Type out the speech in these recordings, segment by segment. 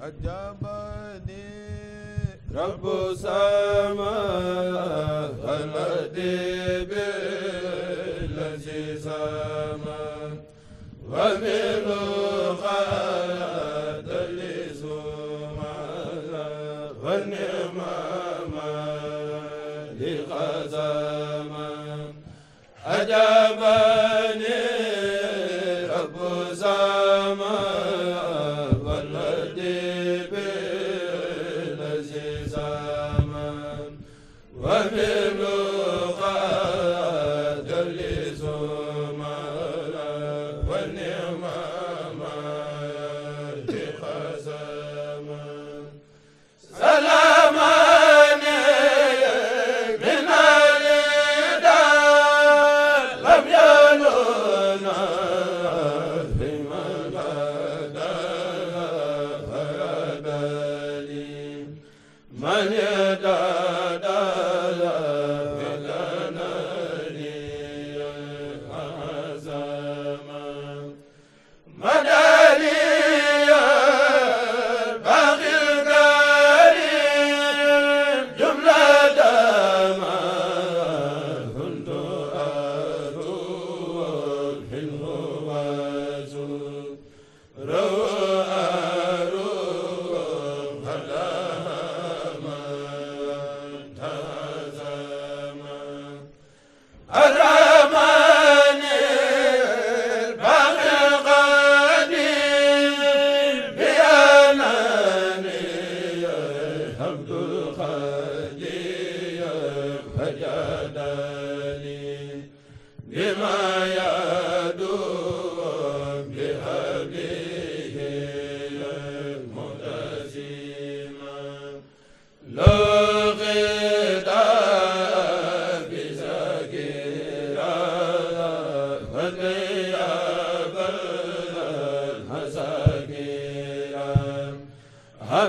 أجابني رب سماء المهدي بالذي سما ومن خلق man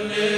amiin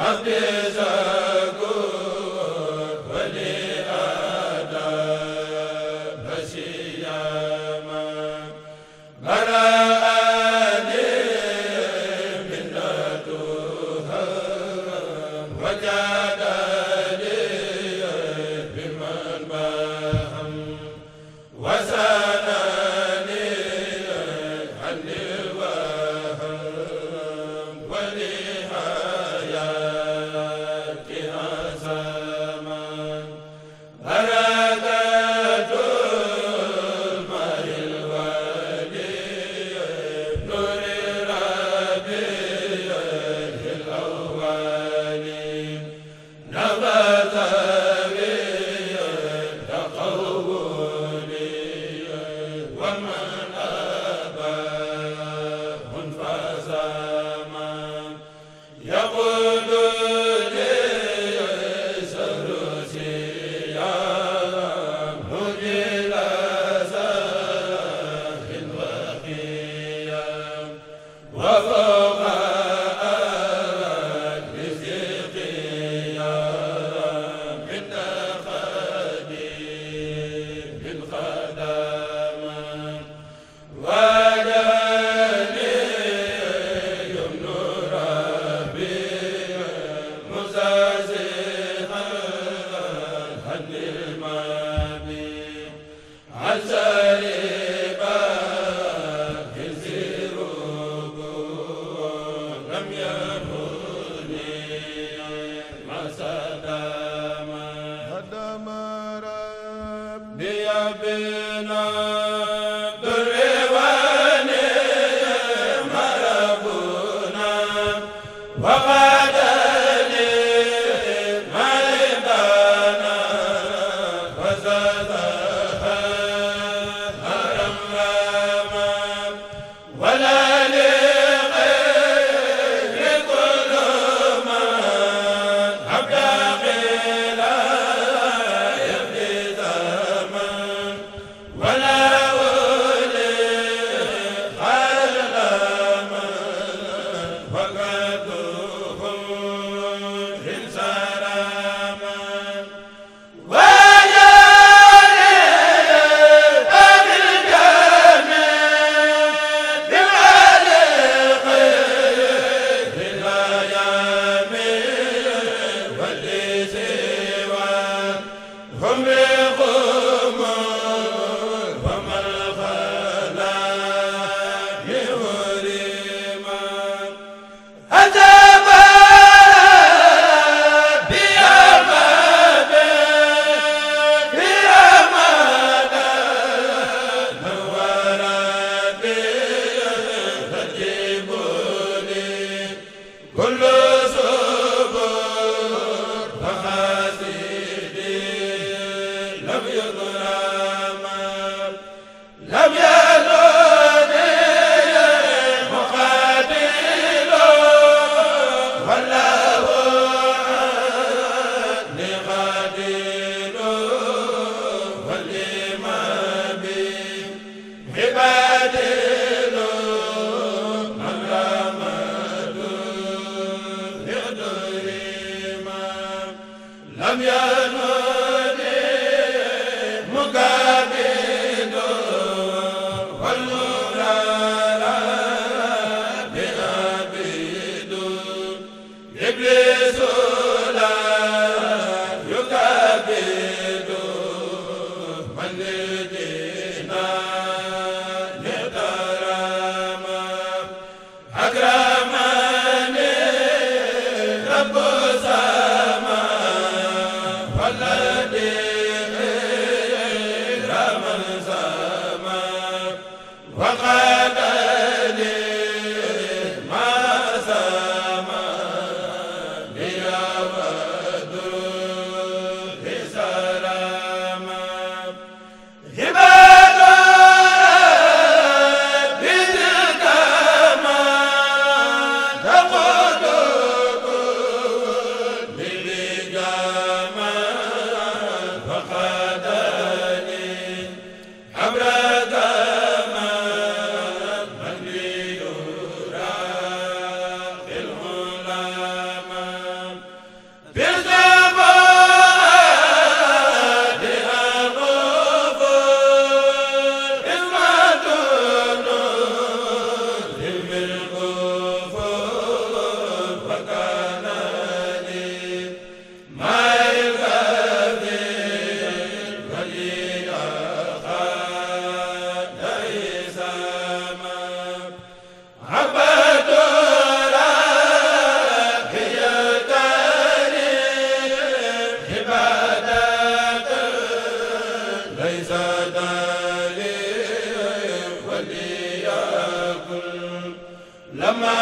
a kama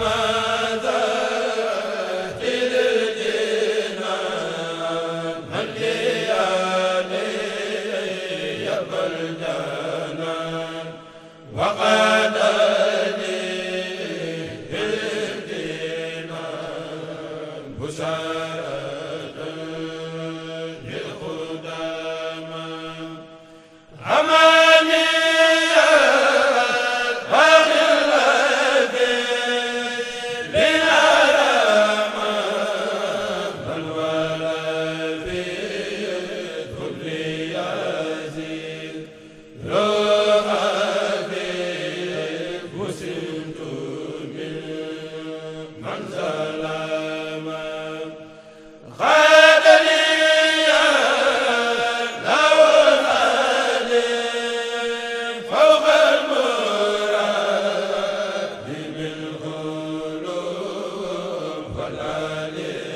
ma salali